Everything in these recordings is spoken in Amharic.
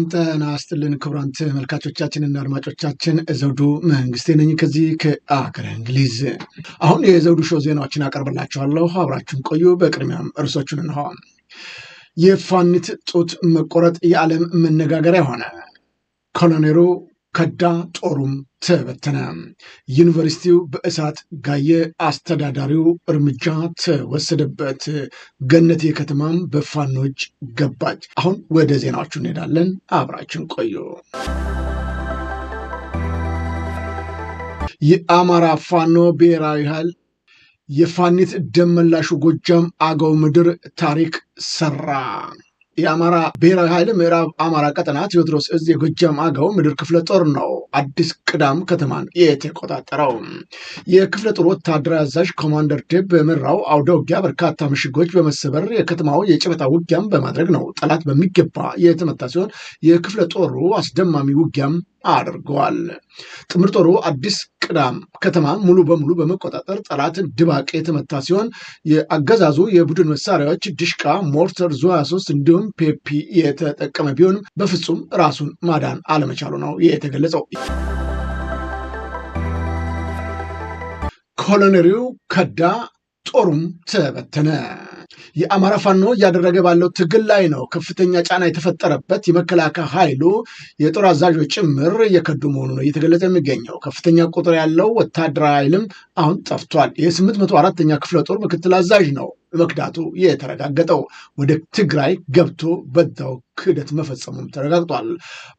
ሰላም ጠና ስትልን ክቡራን ተመልካቾቻችንና አድማጮቻችን ዘውዱ መንግስቴ ነኝ ከዚህ ከአገረ እንግሊዝ። አሁን የዘውዱ ሾው ዜናዎችን አቀርብላችኋለሁ፣ አብራችሁን ቆዩ። በቅድሚያም እርሶቹን እንሆ። የፋኒት ጡት መቆረጥ የዓለም መነጋገሪያ ሆነ። ኮሎኔሉ ከዳ፣ ጦሩም ተበተነ። ዩኒቨርሲቲው በእሳት ጋየ፣ አስተዳዳሪው እርምጃ ተወሰደበት። ገነቴ ከተማም በፋኖች ገባች። አሁን ወደ ዜናዎቹ እንሄዳለን። አብራችን ቆዩ። የአማራ ፋኖ ብሔራዊ ኃይል የፋኒት ደመላሹ ጎጃም አገው ምድር ታሪክ ሰራ። የአማራ ብሔራዊ ኃይል ምዕራብ አማራ ቀጠና ቴዎድሮስ እዝ የጎጃም አገው ምድር ክፍለ ጦር ነው አዲስ ቅዳም ከተማን የተቆጣጠረው። የክፍለ ጦር ወታደራዊ አዛዥ ኮማንደር ድብ በመራው አውደ ውጊያ በርካታ ምሽጎች በመሰበር የከተማው የጨበጣ ውጊያም በማድረግ ነው ጠላት በሚገባ የተመታ ሲሆን የክፍለ ጦሩ አስደማሚ ውጊያም አድርጓል። ጥምር ጦሩ አዲስ ቅዳም ከተማ ሙሉ በሙሉ በመቆጣጠር ጠላትን ድባቅ የተመታ ሲሆን የአገዛዙ የቡድን መሳሪያዎች ድሽቃ፣ ሞርተር፣ ዙ 23 እንዲሁም ፔፒ የተጠቀመ ቢሆንም በፍጹም ራሱን ማዳን አለመቻሉ ነው የተገለጸው። ኮሎኔሪው ከዳ፣ ጦሩም ተበተነ። የአማራ ፋኖ እያደረገ ባለው ትግል ላይ ነው ከፍተኛ ጫና የተፈጠረበት የመከላከያ ኃይሉ የጦር አዛዦች ጭምር እየከዱ መሆኑ ነው እየተገለጸ የሚገኘው። ከፍተኛ ቁጥር ያለው ወታደራዊ ኃይልም አሁን ጠፍቷል። የ804ኛ ክፍለ ጦር ምክትል አዛዥ ነው መክዳቱ የተረጋገጠው ወደ ትግራይ ገብቶ በዛው ክህደት መፈጸሙም ተረጋግጧል።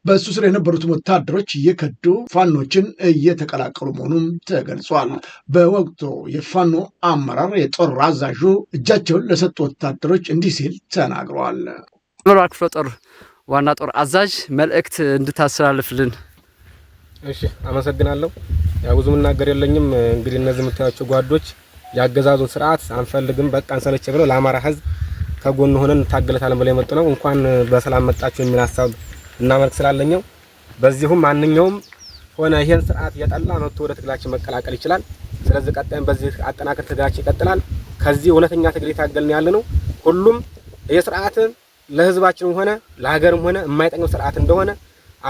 በእሱ ስር የነበሩት ወታደሮች እየከዱ ፋኖችን እየተቀላቀሉ መሆኑም ተገልጿል። በወቅቱ የፋኖ አመራር የጦር አዛዡ እጃቸውን ለሰጡ ወታደሮች እንዲህ ሲል ተናግረዋል። ምራ ክፍለ ጦር ዋና ጦር አዛዥ መልእክት እንድታስተላልፍልን። እሺ፣ አመሰግናለሁ። ያው ብዙ ምናገር የለኝም። እንግዲህ እነዚህ የምታያቸው ጓዶች የአገዛዙን ስርዓት አንፈልግም፣ በቃ አንሰለች ብለው ለአማራ ህዝብ ከጎን ሆነን እንታገለታለን ብለው የመጡ ነው። እንኳን በሰላም መጣችሁ የሚል ሀሳብ እና መልክ ስላለኛው በዚሁም ማንኛውም ሆነ ይሄን ስርዓት የጠላ መጥቶ ወደ ትግላችን መቀላቀል ይችላል። ስለዚህ ቀጣይም በዚህ አጠናከር ትግላችን ይቀጥላል። ከዚህ እውነተኛ ትግል የታገልን ያለ ነው። ሁሉም ይሄ ስርዓት ለህዝባችንም ሆነ ለሀገርም ሆነ የማይጠቅም ስርዓት እንደሆነ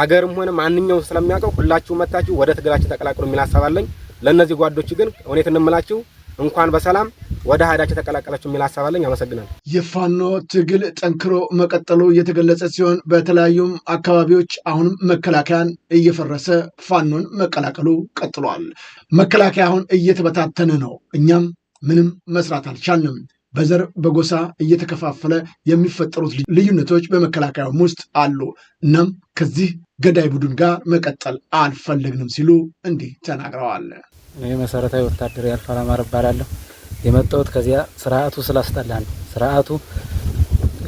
አገርም ሆነ ማንኛውም ስለሚያውቀው ሁላችሁ መታችሁ ወደ ትግላችን ተቀላቅሉ የሚል ሀሳብ አለኝ። ለእነዚህ ጓዶች ግን እውነት እንምላችሁ እንኳን በሰላም ወደ ሀዳቸው ተቀላቀለችው የሚል ሀሳብ አለኝ። አመሰግናል። የፋኖ ትግል ጠንክሮ መቀጠሉ የተገለጸ ሲሆን በተለያዩም አካባቢዎች አሁንም መከላከያን እየፈረሰ ፋኖን መቀላቀሉ ቀጥሏል። መከላከያ አሁን እየተበታተነ ነው። እኛም ምንም መስራት አልቻልንም። በዘር በጎሳ እየተከፋፈለ የሚፈጠሩት ልዩነቶች በመከላከያም ውስጥ አሉ። እናም ከዚህ ገዳይ ቡድን ጋር መቀጠል አልፈለግንም ሲሉ እንዲህ ተናግረዋል። እኔ መሰረታዊ ወታደር ያልፋል አማር እባላለሁ። የመጣሁት ከዚያ ስርዓቱ ስላስጠላ ነው። ስርዓቱ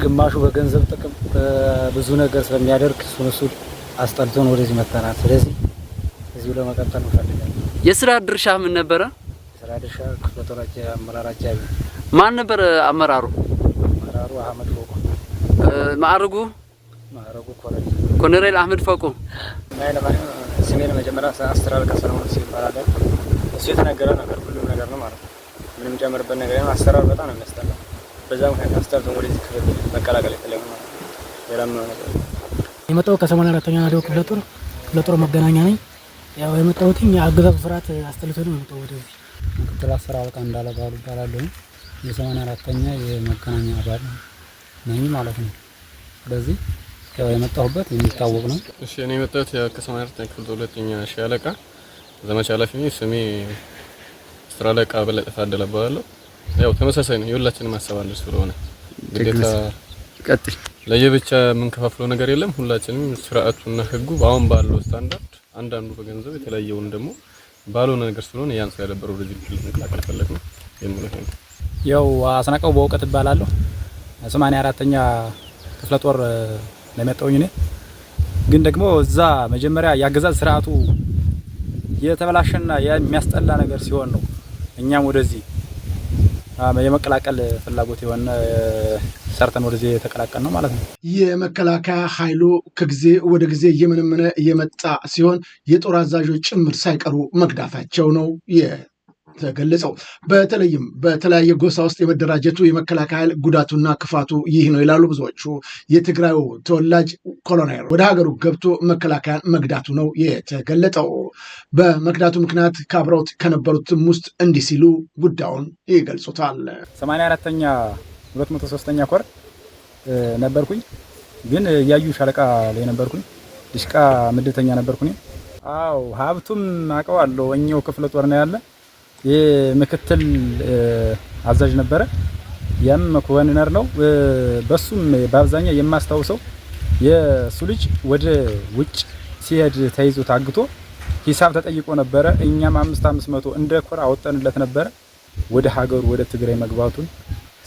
ግማሹ በገንዘብ ጥቅም በብዙ ነገር ስለሚያደርግ እሱን እሱ አስጠልቶን ወደዚህ መተናል። ስለዚህ እዚሁ ለመቀጠል እንፈልጋለን። የስራ ድርሻ ምን ነበረ? ስራ ድርሻ ክፍለ ጦር አመራር አጃቢ ማን ነበር አመራሩ? አመራሩ አህመድ ፎቁ። ማዕረጉ ማዕረጉ ኮሎኔል አህመድ ፎቁ። ስሜን መጀመሪያ አስተራል ከሰለሞን ሲባላል እሱ የተነገረ ነገር ሁሉም ነገር ነው ማለት ነው። ምንም ጨምርበት ነገር ነው። አስተራል በጣም ነው የሚያስጠላ። በዛ ምክንያት አስተራር ወደ ክፍል መቀላቀል የፈለገ ማለት ነው። የለም የመጣው ከሰማንያ አራተኛ ናዶ ክፍለ ጦር ክፍለ ጦር መገናኛ ነኝ። ያው የመጣሁትኝ የአገዛዙ ስርዓት አስተልቶ ነው የመጣው ወደዚህ ምክትል አስር አለቃ እንዳለ ባሉ ይባላል የሰማንያ አራተኛ የመገናኛ አባል ነኝ ማለት ነው። ስለዚህ ያው የመጣሁበት የሚታወቅ ነው። እሺ እኔ የመጣሁት ከሰማንያ አራተኛ ክፍል ሁለተኛ ሻለቃ አለቃ ዘመቻ ኃላፊ ነኝ። ስሜ አስር አለቃ በለጠ ታደለ እባላለሁ። ያው ተመሳሳይ ነው፣ የሁላችንም ሀሳብ አለ ስለሆነ ግዴታ ቀጥል ለየብቻ የምንከፋፍለው ነገር የለም። ሁላችንም ስርዓቱና ህጉ አሁን ባለው ስታንዳርድ አንዳንዱ በገንዘብ የተለያየውን ደግሞ ባልሆነ ነገር ስለሆነ ያን ስለነበረው ወደዚህ ክልል መቀላቀል ፈለግ ነው የምለው ነው። ያው አስናቀው በእውቀት እባላለሁ። ሰማንያ አራተኛ ክፍለ ጦር ነው እኔ ግን ደግሞ እዛ መጀመሪያ የአገዛዝ ስርዓቱ የተበላሸና የሚያስጠላ ነገር ሲሆን ነው እኛም ወደዚህ የመቀላቀል ፍላጎት የሆነ ሰርተን ወደዚህ የተቀላቀል ነው ማለት ነው። የመከላከያ ኃይሉ ከጊዜ ወደ ጊዜ እየመነመነ የመጣ ሲሆን የጦር አዛዦች ጭምር ሳይቀሩ መግዳፋቸው ነው ተገለጸው። በተለይም በተለያየ ጎሳ ውስጥ የመደራጀቱ የመከላከያ ኃይል ጉዳቱና ክፋቱ ይህ ነው ይላሉ ብዙዎቹ። የትግራዩ ተወላጅ ኮሎኔል ወደ ሀገሩ ገብቶ መከላከያን መግዳቱ ነው የተገለጠው። በመግዳቱ ምክንያት ከአብረውት ከነበሩትም ውስጥ እንዲህ ሲሉ ጉዳዩን ይገልጹታል። 84ኛ 203ኛ ኮር ነበርኩኝ፣ ግን እያዩ ሻለቃ ላይ ነበርኩኝ። ድሽቃ ምድተኛ ነበርኩኝ። አዎ ሀብቱም አውቀዋለሁ። እኛው ክፍለ ጦር ነው ያለ የምክትል አዛዥ ነበረ። ያም ኮሎኔል ነው። በሱም በአብዛኛው የማስታውሰው የሱ ልጅ ወደ ውጭ ሲሄድ ተይዞ ታግቶ ሂሳብ ተጠይቆ ነበረ። እኛም አምስት አምስት መቶ እንደ ኮራ አወጠንለት ነበረ። ወደ ሀገሩ ወደ ትግራይ መግባቱን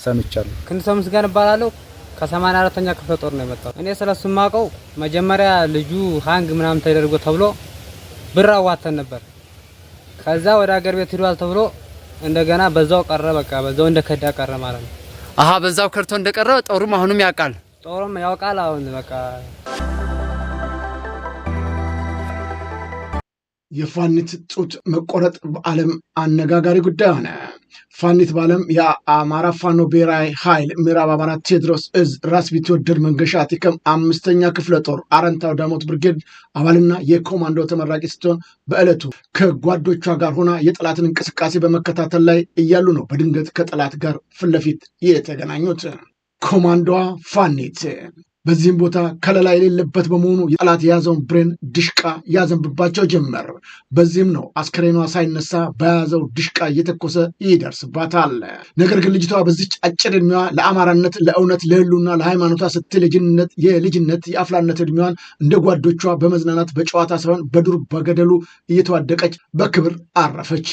ሰምቻለሁ። ሰው ምስጋና እባላለሁ። ከሰማንያ አራተኛ ክፍለ ጦር ነው የመጣው። እኔ ስለሱ የማውቀው መጀመሪያ ልጁ ሀንግ ምናምን ተደርጎ ተብሎ ብር አዋተን ነበር ከዛ ወደ ሀገር ቤት ሂዷል ተብሎ እንደገና በዛው ቀረ። በቃ በዛው እንደከዳ ቀረ ማለት ነው። አሃ በዛው ከርቶ እንደቀረ ጦሩም አሁንም ያውቃል። ጦሩም ያውቃል። አሁን በቃ የፋኒት ጡት መቆረጥ በዓለም አነጋጋሪ ጉዳይ ሆነ። ፋኒት በዓለም የአማራ ፋኖ ብሔራዊ ኃይል ምዕራብ አማራ ቴዎድሮስ እዝ ራስ ቢትወደድ መንገሻ ቲከም አምስተኛ ክፍለ ጦር አረንታው ዳሞት ብርጌድ አባልና የኮማንዶ ተመራቂ ስትሆን በዕለቱ ከጓዶቿ ጋር ሆና የጠላትን እንቅስቃሴ በመከታተል ላይ እያሉ ነው በድንገት ከጠላት ጋር ፊት ለፊት የተገናኙት። ኮማንዶዋ ፋኒት በዚህም ቦታ ከለላ የሌለበት በመሆኑ ጠላት የያዘውን ብሬን ድሽቃ ያዘንብባቸው ጀመር። በዚህም ነው አስከሬኗ ሳይነሳ በያዘው ድሽቃ እየተኮሰ ይደርስባታል። ነገር ግን ልጅቷ በዚች አጭር እድሜዋ ለአማራነት፣ ለእውነት፣ ለህሉና፣ ለሃይማኖቷ ስትል የልጅነት የአፍላነት እድሜዋን እንደ ጓዶቿ በመዝናናት በጨዋታ ሳይሆን በዱር በገደሉ እየተዋደቀች በክብር አረፈች።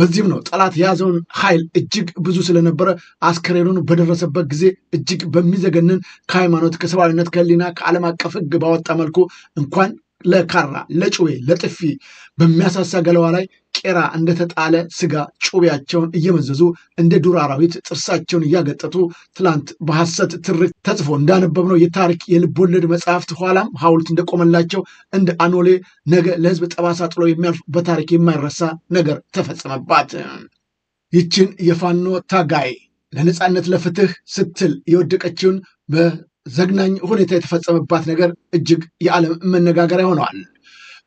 በዚህም ነው ጠላት የያዘውን ኃይል እጅግ ብዙ ስለነበረ አስከሬኑን በደረሰበት ጊዜ እጅግ በሚዘገንን ከሃይማኖት ከሰብአዊ የአሸባሪነት ከሊና ከዓለም አቀፍ ህግ ባወጣ መልኩ እንኳን ለካራ ለጩቤ ለጥፊ በሚያሳሳ ገለዋ ላይ ቄራ እንደተጣለ ስጋ ጩቤያቸውን እየመዘዙ እንደ ዱር አራዊት ጥርሳቸውን እያገጠጡ ትላንት በሐሰት ትርክ ተጽፎ እንዳነበብነው የታሪክ የልቦለድ መጽሐፍት ኋላም ሐውልት እንደቆመላቸው እንደ አኖሌ ነገ ለህዝብ ጠባሳ ጥሎ የሚያልፍ በታሪክ የማይረሳ ነገር ተፈጸመባት። ይችን የፋኖ ታጋይ ለነፃነት ለፍትህ ስትል የወደቀችውን ዘግናኝ ሁኔታ የተፈጸመባት ነገር እጅግ የዓለም መነጋገሪያ ሆነዋል።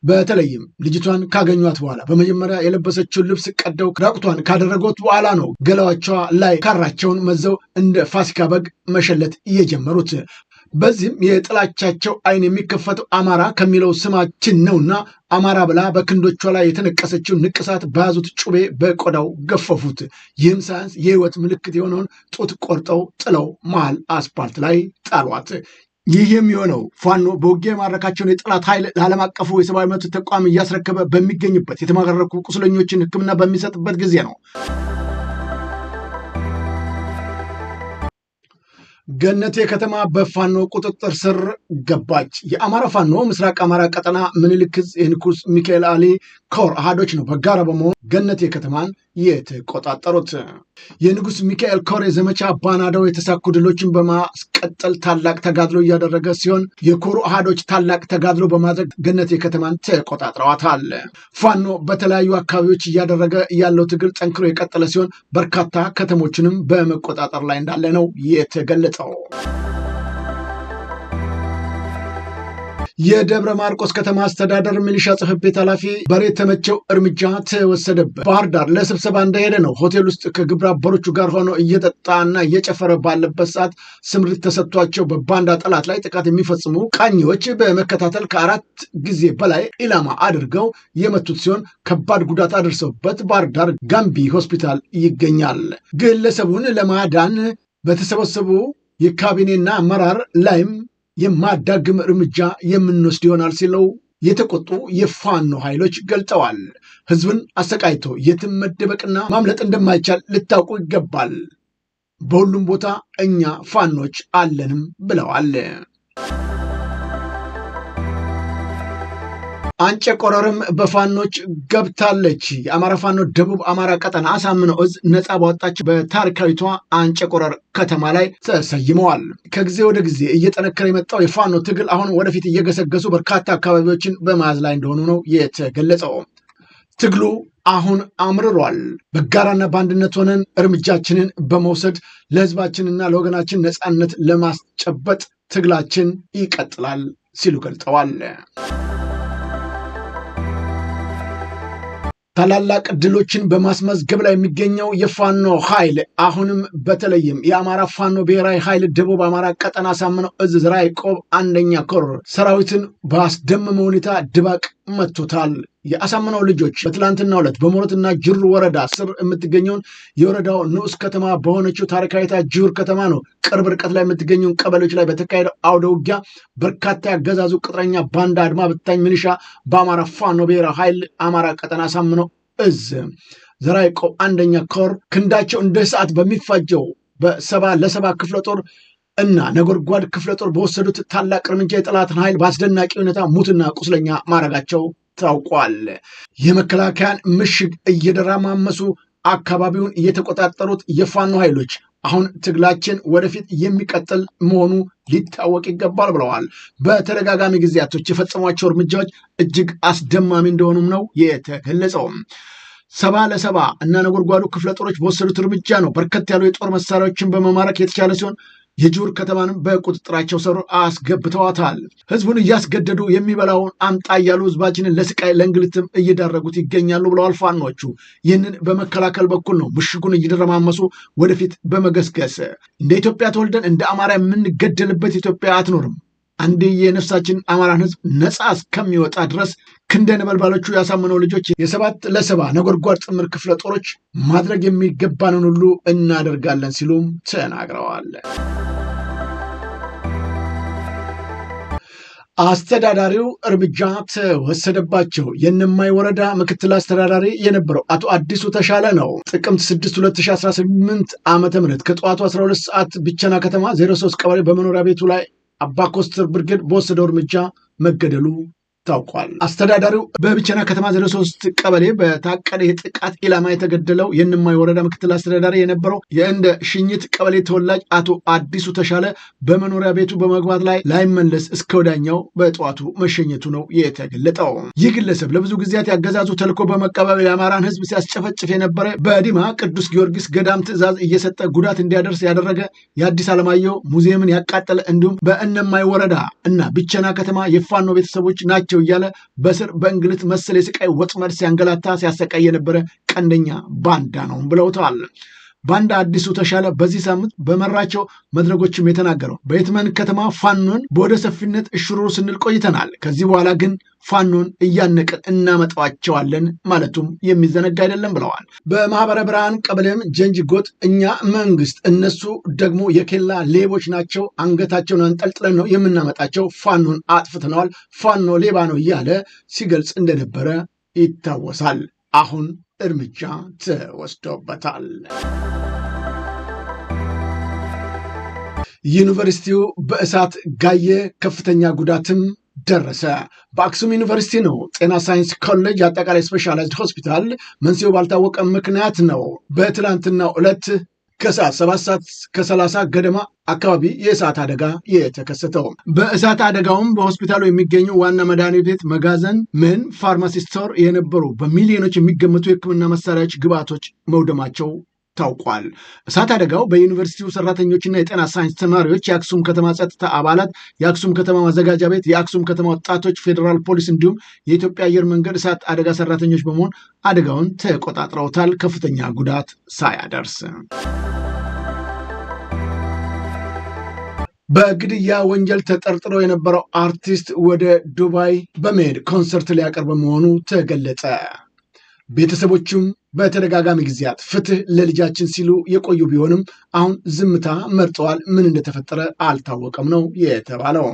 በተለይም ልጅቷን ካገኟት በኋላ በመጀመሪያ የለበሰችውን ልብስ ቀደው ራቁቷን ካደረጎት በኋላ ነው ገላዋቿ ላይ ካራቸውን መዘው እንደ ፋሲካ በግ መሸለት የጀመሩት። በዚህም የጥላቻቸው አይን የሚከፈተው አማራ ከሚለው ስማችን ነውና አማራ ብላ በክንዶቿ ላይ የተነቀሰችው ንቅሳት በያዙት ጩቤ በቆዳው ገፈፉት። ይህም ሳያንስ የህይወት ምልክት የሆነውን ጡት ቆርጠው ጥለው መሃል አስፓልት ላይ ጣሏት። ይህ የሚሆነው ፋኖ በውጊያ የማረካቸውን የጠላት ኃይል ለዓለም አቀፉ የሰብአዊ መብት ተቋም እያስረከበ በሚገኝበት የተማረኩ ቁስለኞችን ሕክምና በሚሰጥበት ጊዜ ነው። ገነቴ ከተማ በፋኖ ቁጥጥር ስር ገባች። የአማራ ፋኖ ምስራቅ አማራ ቀጠና ምኒልክ ዕዝ ሚካኤል አሊ ኮር አሃዶች ነው በጋራ በመሆን ገነቴ ከተማን የተቆጣጠሩት። የንጉሥ ሚካኤል ኮሬ ዘመቻ ባናዳው የተሳኩ ድሎችን በማስቀጠል ታላቅ ተጋድሎ እያደረገ ሲሆን የኮሩ አሃዶች ታላቅ ተጋድሎ በማድረግ ገነቴ ከተማን ተቆጣጥረዋታል። ፋኖ በተለያዩ አካባቢዎች እያደረገ ያለው ትግል ጠንክሮ የቀጠለ ሲሆን በርካታ ከተሞችንም በመቆጣጠር ላይ እንዳለ ነው የተገለጸው። የደብረ ማርቆስ ከተማ አስተዳደር ሚሊሻ ጽሕፈት ቤት ኃላፊ በሬ ተመቸው እርምጃ ተወሰደበት። ባህር ዳር ለስብሰባ እንደሄደ ነው ሆቴል ውስጥ ከግብረ አበሮቹ ጋር ሆኖ እየጠጣና እየጨፈረ ባለበት ሰዓት ስምሪት ተሰጥቷቸው በባንዳ ጠላት ላይ ጥቃት የሚፈጽሙ ቃኚዎች በመከታተል ከአራት ጊዜ በላይ ኢላማ አድርገው የመቱት ሲሆን ከባድ ጉዳት አድርሰውበት ባህር ዳር ጋምቢ ሆስፒታል ይገኛል። ግለሰቡን ለማዳን በተሰበሰቡ የካቢኔና አመራር ላይም የማዳግም እርምጃ የምንወስድ ይሆናል ሲለው የተቆጡ የፋኖ ኃይሎች ገልጠዋል። ህዝብን አሰቃይቶ የትም መደበቅና ማምለጥ እንደማይቻል ልታውቁ ይገባል። በሁሉም ቦታ እኛ ፋኖች አለንም ብለዋል። አንጨ ቆረርም በፋኖች ገብታለች። የአማራ ፋኖ ደቡብ አማራ ቀጠና አሳምነው እዝ ነፃ ባወጣች በታሪካዊቷ አንጨ ቆረር ከተማ ላይ ተሰይመዋል። ከጊዜ ወደ ጊዜ እየጠነከረ የመጣው የፋኖ ትግል አሁን ወደፊት እየገሰገሱ በርካታ አካባቢዎችን በመያዝ ላይ እንደሆኑ ነው የተገለጸው። ትግሉ አሁን አምርሯል። በጋራና በአንድነት ሆነን እርምጃችንን በመውሰድ ለህዝባችንና ለወገናችን ነፃነት ለማስጨበጥ ትግላችን ይቀጥላል ሲሉ ገልጠዋል። ታላላቅ ድሎችን በማስመዝገብ ላይ የሚገኘው የፋኖ ኃይል አሁንም በተለይም የአማራ ፋኖ ብሔራዊ ኃይል ደቡብ አማራ ቀጠና ሳምነው እዝ ቆብ አንደኛ ኮር ሰራዊትን በአስደመመ ሁኔታ ድባቅ መቶታል። የአሳምነው ልጆች በትላንትና ዕለት በሞረትና ጅሩ ወረዳ ስር የምትገኘውን የወረዳው ንዑስ ከተማ በሆነችው ታሪካዊታ ጅሁር ከተማ ነው ቅርብ ርቀት ላይ የምትገኘውን ቀበሌዎች ላይ በተካሄደው አውደ ውጊያ በርካታ ያገዛዙ ቅጥረኛ ባንዳ አድማ ብታኝ ሚሊሻ በአማራ ፋኖ ብሔራዊ ኃይል አማራ ቀጠና አሳምነው እዝ ዘራይቆ አንደኛ ኮር ክንዳቸው እንደ ሰዓት በሚፋጀው በሰባ ለሰባ ክፍለ ጦር እና ነጎድጓድ ክፍለ ጦር በወሰዱት ታላቅ እርምጃ የጠላትን ኃይል በአስደናቂ ሁኔታ ሙትና ቁስለኛ ማድረጋቸው ታውቋል። የመከላከያን ምሽግ እየደራማመሱ አካባቢውን እየተቆጣጠሩት የፋኖ ኃይሎች አሁን ትግላችን ወደፊት የሚቀጥል መሆኑ ሊታወቅ ይገባል ብለዋል። በተደጋጋሚ ጊዜያቶች የፈጸሟቸው እርምጃዎች እጅግ አስደማሚ እንደሆኑም ነው የተገለጸው። ሰባ ለሰባ እና ነጎድጓዱ ክፍለ ጦሮች በወሰዱት እርምጃ ነው በርከት ያሉ የጦር መሳሪያዎችን በመማረክ የተቻለ ሲሆን የጁር ከተማንም በቁጥጥራቸው ስር አስገብተዋታል። ህዝቡን እያስገደዱ የሚበላውን አምጣ እያሉ ህዝባችንን ለስቃይ ለእንግልትም እየዳረጉት ይገኛሉ ብለዋል ፋኖቹ። ይህንን በመከላከል በኩል ነው ምሽጉን እየደረማመሱ ወደፊት በመገስገስ እንደ ኢትዮጵያ ተወልደን እንደ አማራ የምንገደልበት ኢትዮጵያ አትኖርም አንድ የነፍሳችን አማራን ህዝብ ነፃ እስከሚወጣ ድረስ ክንደ ነበልባሎቹ ያሳምነው ልጆች የሰባት ለሰባ ነጎድጓድ ጥምር ክፍለ ጦሮች ማድረግ የሚገባንን ሁሉ እናደርጋለን ሲሉም ተናግረዋል። አስተዳዳሪው እርምጃ ተወሰደባቸው። የእነማይ ወረዳ ምክትል አስተዳዳሪ የነበረው አቶ አዲሱ ተሻለ ነው። ጥቅምት 6 2018 ዓ ም ከጠዋቱ 12 ሰዓት ብቸና ከተማ 03 ቀበሌ በመኖሪያ ቤቱ ላይ አባ ኮስተር ብርጌድ በወሰደው እርምጃ መገደሉ ታውቋል። አስተዳዳሪው በብቸና ከተማ ሶስት ቀበሌ በታቀደ የጥቃት ኢላማ የተገደለው የእነማይ ወረዳ ምክትል አስተዳዳሪ የነበረው የእንደ ሽኝት ቀበሌ ተወላጅ አቶ አዲሱ ተሻለ በመኖሪያ ቤቱ በመግባት ላይ ላይመለስ እስከ ወዳኛው በጠዋቱ መሸኘቱ ነው የተገለጠው። ይህ ግለሰብ ለብዙ ጊዜያት ያገዛዙ ተልኮ በመቀበል የአማራን ሕዝብ ሲያስጨፈጭፍ የነበረ በዲማ ቅዱስ ጊዮርጊስ ገዳም ትዕዛዝ እየሰጠ ጉዳት እንዲያደርስ ያደረገ የአዲስ አለማየሁ ሙዚየምን ያቃጠለ እንዲሁም በእነማይ ወረዳ እና ብቸና ከተማ የፋኖ ቤተሰቦች ናቸው ናቸው እያለ በስር በእንግልት መሰል የስቃይ ወጥመድ ሲያንገላታ ሲያሰቃይ የነበረ ቀንደኛ ባንዳ ነው ብለውታል። በአንድ አዲሱ ተሻለ በዚህ ሳምንት በመራቸው መድረጎችም የተናገረው በየትመን ከተማ ፋኖን በወደ ሰፊነት እሽሩሩ ስንል ቆይተናል። ከዚህ በኋላ ግን ፋኖን እያነቅን እናመጣዋቸዋለን ማለቱም የሚዘነጋ አይደለም ብለዋል። በማህበረ ብርሃን ቀበሌም ጎጥ እኛ መንግስት፣ እነሱ ደግሞ የኬላ ሌቦች ናቸው፣ አንገታቸውን አንጠልጥለን ነው የምናመጣቸው፣ ፋኖን አጥፍትነዋል፣ ፋኖ ሌባ ነው እያለ ሲገልጽ እንደነበረ ይታወሳል። አሁን እርምጃ ተወስዶበታል። ዩኒቨርሲቲው በእሳት ጋየ፣ ከፍተኛ ጉዳትም ደረሰ። በአክሱም ዩኒቨርሲቲ ነው ጤና ሳይንስ ኮሌጅ አጠቃላይ ስፔሻላይዝድ ሆስፒታል መንስኤው ባልታወቀ ምክንያት ነው በትላንትናው ዕለት ከሰዓት ሰባት ሰዓት ከሰላሳ ገደማ አካባቢ የእሳት አደጋ የተከሰተው። በእሳት አደጋውም በሆስፒታሉ የሚገኙ ዋና መድኃኒት ቤት፣ መጋዘን፣ ምህን ፋርማሲ ስቶር የነበሩ በሚሊዮኖች የሚገመቱ የሕክምና መሳሪያዎች ግብአቶች መውደማቸው ታውቋል። እሳት አደጋው በዩኒቨርሲቲው ሰራተኞችና የጤና ሳይንስ ተማሪዎች፣ የአክሱም ከተማ ጸጥታ አባላት፣ የአክሱም ከተማ ማዘጋጃ ቤት፣ የአክሱም ከተማ ወጣቶች፣ ፌዴራል ፖሊስ እንዲሁም የኢትዮጵያ አየር መንገድ እሳት አደጋ ሰራተኞች በመሆን አደጋውን ተቆጣጥረውታል ከፍተኛ ጉዳት ሳያደርስ። በግድያ ወንጀል ተጠርጥሮ የነበረው አርቲስት ወደ ዱባይ በመሄድ ኮንሰርት ሊያቀርብ መሆኑ ተገለጸ። ቤተሰቦቹም በተደጋጋሚ ጊዜያት ፍትህ ለልጃችን ሲሉ የቆዩ ቢሆንም አሁን ዝምታ መርጠዋል። ምን እንደተፈጠረ አልታወቀም ነው የተባለው።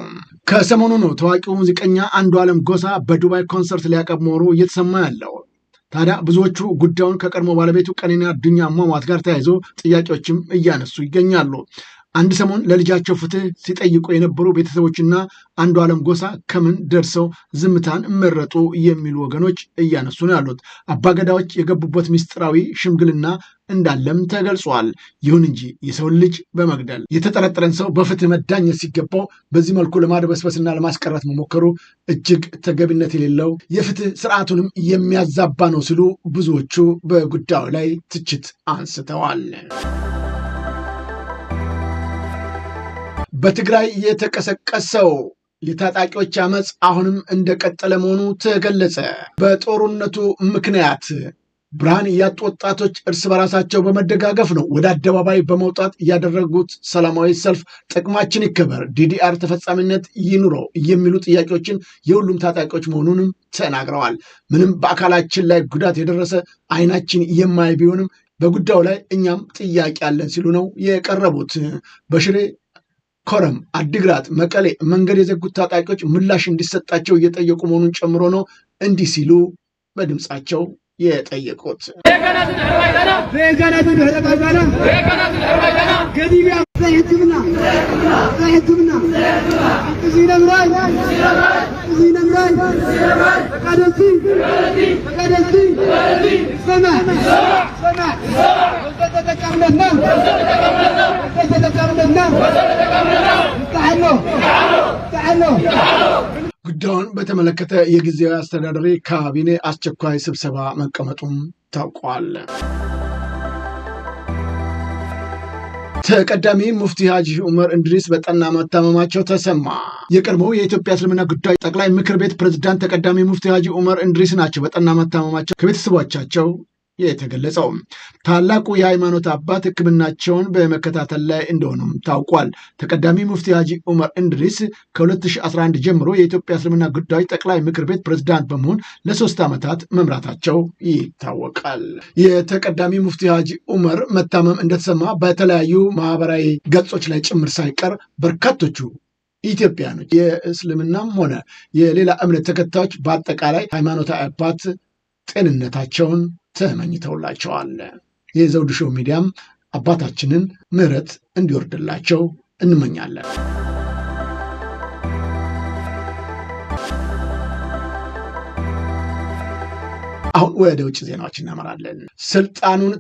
ከሰሞኑ ነው ታዋቂው ሙዚቀኛ አንዱ አለም ጎሳ በዱባይ ኮንሰርት ሊያቀርብ መሆኑ እየተሰማ ያለው። ታዲያ ብዙዎቹ ጉዳዩን ከቀድሞ ባለቤቱ ቀነኒ አዱኛ አሟሟት ጋር ተያይዞ ጥያቄዎችም እያነሱ ይገኛሉ። አንድ ሰሞን ለልጃቸው ፍትህ ሲጠይቁ የነበሩ ቤተሰቦችና አንዱ ዓለም ጎሳ ከምን ደርሰው ዝምታን መረጡ የሚሉ ወገኖች እያነሱ ነው ያሉት። አባገዳዎች የገቡበት ምስጢራዊ ሽምግልና እንዳለም ተገልጿል። ይሁን እንጂ የሰውን ልጅ በመግደል የተጠረጠረን ሰው በፍትህ መዳኘት ሲገባው በዚህ መልኩ ለማድበስበስና ለማስቀረት መሞከሩ እጅግ ተገቢነት የሌለው የፍትህ ስርዓቱንም የሚያዛባ ነው ሲሉ ብዙዎቹ በጉዳዩ ላይ ትችት አንስተዋል። በትግራይ የተቀሰቀሰው የታጣቂዎች አመፅ አሁንም እንደቀጠለ መሆኑ ተገለጸ። በጦርነቱ ምክንያት ብርሃን ያጡ ወጣቶች እርስ በራሳቸው በመደጋገፍ ነው ወደ አደባባይ በመውጣት ያደረጉት ሰላማዊ ሰልፍ። ጥቅማችን ይከበር፣ ዲዲአር ተፈጻሚነት ይኑረው የሚሉ ጥያቄዎችን የሁሉም ታጣቂዎች መሆኑንም ተናግረዋል። ምንም በአካላችን ላይ ጉዳት የደረሰ አይናችን የማይ ቢሆንም በጉዳዩ ላይ እኛም ጥያቄ አለን ሲሉ ነው የቀረቡት። በሽሬ ኮረም፣ አድግራት፣ መቀሌ መንገድ የዘጉት ታጣቂዎች ምላሽ እንዲሰጣቸው እየጠየቁ መሆኑን ጨምሮ ነው እንዲህ ሲሉ በድምፃቸው የጠየቁት። ጉዳዩን በተመለከተ የጊዜያዊ አስተዳደሪ ካቢኔ አስቸኳይ ስብሰባ መቀመጡም ታውቋል። ተቀዳሚ ሙፍቲ ሀጂ ዑመር እንድሪስ በጠና መታመማቸው ተሰማ። የቀድሞው የኢትዮጵያ እስልምና ጉዳይ ጠቅላይ ምክር ቤት ፕሬዝዳንት ተቀዳሚ ሙፍቲ ሀጂ ዑመር እንድሪስ ናቸው በጠና መታመማቸው ከቤተሰቦቻቸው የተገለጸው። ታላቁ የሃይማኖት አባት ሕክምናቸውን በመከታተል ላይ እንደሆኑም ታውቋል። ተቀዳሚ ሙፍቲ ሀጂ ዑመር እንድሪስ ከ2011 ጀምሮ የኢትዮጵያ እስልምና ጉዳዮች ጠቅላይ ምክር ቤት ፕሬዝዳንት በመሆን ለሶስት ዓመታት መምራታቸው ይታወቃል። የተቀዳሚ ሙፍቲ ሀጂ ዑመር መታመም እንደተሰማ በተለያዩ ማህበራዊ ገጾች ላይ ጭምር ሳይቀር በርካቶቹ ኢትዮጵያኖች የእስልምናም ሆነ የሌላ እምነት ተከታዮች በአጠቃላይ ሃይማኖት አባት ጤንነታቸውን ተመኝተውላቸዋል። የዘውዱ ሾው ሚዲያም አባታችንን ምሕረት እንዲወርድላቸው እንመኛለን። አሁን ወደ ውጭ ዜናዎች እናመራለን። ስልጣኑን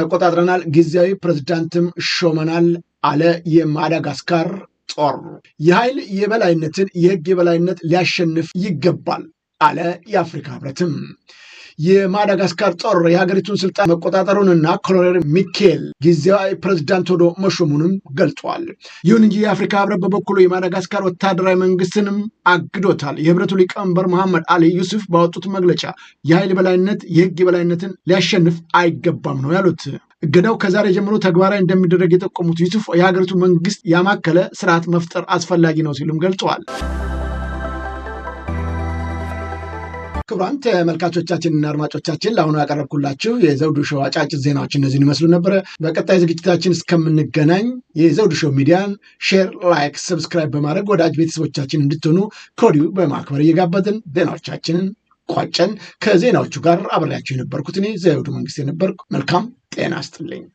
ተቆጣጥረናል፣ ጊዜያዊ ፕሬዝዳንትም ሾመናል አለ የማዳጋስካር ጦር። የኃይል የበላይነትን የህግ የበላይነት ሊያሸንፍ ይገባል አለ የአፍሪካ ህብረትም። የማዳጋስካር ጦር የሀገሪቱን ስልጣን መቆጣጠሩንና ኮሎኔል ሚኬል ጊዜያዊ ፕሬዝዳንት ሆኖ መሾሙንም ገልጿል። ይሁን እንጂ የአፍሪካ ህብረት በበኩሉ የማዳጋስካር ወታደራዊ መንግስትንም አግዶታል። የህብረቱ ሊቀመንበር መሐመድ አሊ ዩሱፍ ባወጡት መግለጫ የኃይል በላይነት የህግ የበላይነትን ሊያሸንፍ አይገባም ነው ያሉት። እገዳው ከዛሬ ጀምሮ ተግባራዊ እንደሚደረግ የጠቆሙት ዩሱፍ የሀገሪቱ መንግስት ያማከለ ስርዓት መፍጠር አስፈላጊ ነው ሲሉም ገልጸዋል። ክቡራን ተመልካቾቻችንና አድማጮቻችን ለአሁኑ ያቀረብኩላችሁ የዘውዱ ሾው አጫጭር ዜናዎች እነዚህን ይመስሉ ነበረ። በቀጣይ ዝግጅታችን እስከምንገናኝ የዘውዱ ሾው ሚዲያን ሼር፣ ላይክ፣ ሰብስክራይብ በማድረግ ወዳጅ ቤተሰቦቻችን እንድትሆኑ ከወዲሁ በማክበር እየጋበዝን ዜናዎቻችንን ቋጨን። ከዜናዎቹ ጋር አብሬያቸው የነበርኩት እኔ ዘውዱ መንግስት የነበርኩ። መልካም ጤና ይስጥልኝ።